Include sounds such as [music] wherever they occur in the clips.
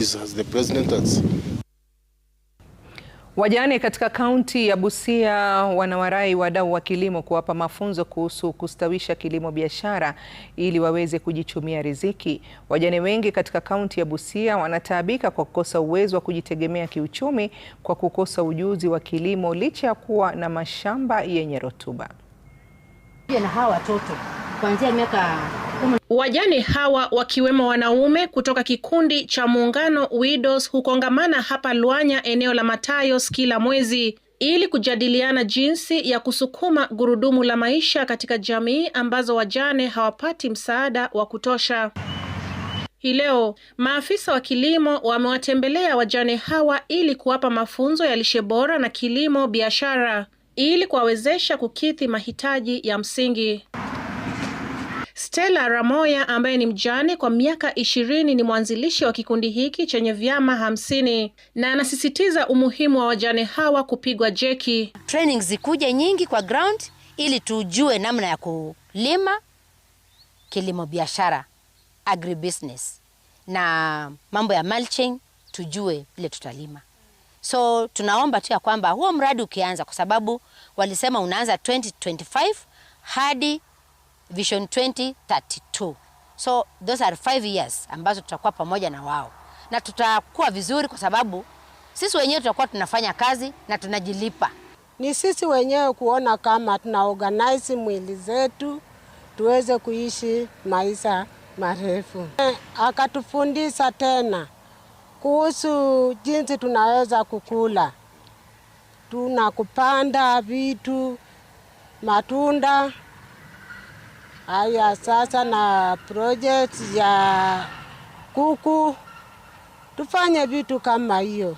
As the president has. Wajane katika kaunti ya Busia wanawarai wadau wa kilimo kuwapa mafunzo kuhusu kustawisha kilimo biashara ili waweze kujichumia riziki. Wajane wengi katika kaunti ya Busia wanataabika kwa kukosa uwezo wa kujitegemea kiuchumi kwa kukosa ujuzi wa kilimo licha ya kuwa na mashamba yenye rutuba. Na hawa watoto kuanzia miaka Wajane hawa wakiwemo wanaume kutoka kikundi cha muungano Widows hukongamana hapa Lwanya eneo la Matayos kila mwezi ili kujadiliana jinsi ya kusukuma gurudumu la maisha katika jamii ambazo wajane hawapati msaada wa kutosha. Hii leo maafisa wa kilimo wamewatembelea wajane hawa ili kuwapa mafunzo ya lishe bora na kilimo biashara ili kuwawezesha kukidhi mahitaji ya msingi. Stella Ramoya ambaye ni mjane kwa miaka ishirini ni mwanzilishi wa kikundi hiki chenye vyama hamsini na anasisitiza umuhimu wa wajane hawa kupigwa jeki. Training zikuje nyingi kwa ground ili tujue namna ya kulima, kilimo biashara, agribusiness na mambo ya mulching, tujue vile tutalima. So tunaomba tu ya kwamba huo mradi ukianza, kwa sababu walisema unaanza 2025 hadi Vision 2032. So those are five years ambazo tutakuwa pamoja na wao na tutakuwa vizuri, kwa sababu sisi wenyewe tutakuwa tunafanya kazi na tunajilipa. Ni sisi wenyewe kuona kama tuna organize mwili zetu tuweze kuishi maisha marefu. Akatufundisha tena kuhusu jinsi tunaweza kukula, tuna kupanda vitu matunda haya sasa na project ya kuku, tufanye vitu kama hiyo.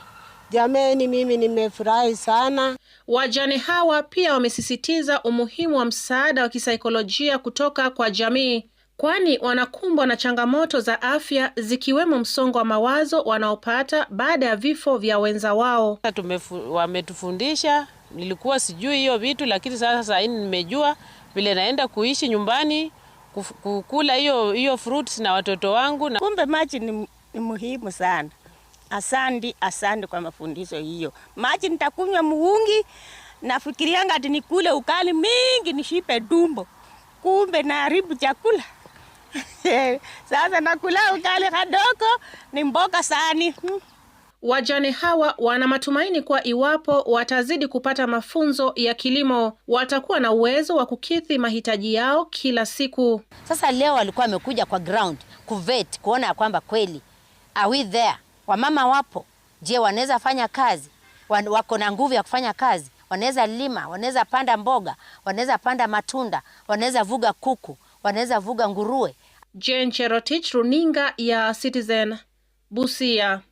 Jameni, mimi nimefurahi sana. Wajane hawa pia wamesisitiza umuhimu wa msaada wa kisaikolojia kutoka kwa jamii, kwani wanakumbwa na changamoto za afya zikiwemo msongo wa mawazo wanaopata baada ya vifo vya wenza wao. Tumefu, wametufundisha, nilikuwa sijui hiyo vitu, lakini sasa saa hii nimejua vile naenda kuishi nyumbani kukula hiyo hiyo fruits na watoto wangu na... Kumbe maji ni, ni muhimu sana. asandi asandi kwa mafundisho hiyo. Maji nitakunywa muungi, nafikirianga ati nikule ukali mingi nishipe dumbo kumbe naharibu chakula [laughs] sasa nakula ukali kadogo, ni mboga sani. Hmm. Wajane hawa wana matumaini kuwa iwapo watazidi kupata mafunzo ya kilimo watakuwa na uwezo wa kukidhi mahitaji yao kila siku. Sasa leo walikuwa wamekuja kwa ground kuvet kuona ya kwamba kweli are we there, wamama wapo, je, wanaweza fanya kazi, wako na nguvu ya kufanya kazi, wanaweza lima, wanaweza panda mboga, wanaweza panda matunda, wanaweza vuga kuku, wanaweza vuga nguruwe. Jane Cherotich, runinga ya Citizen, Busia.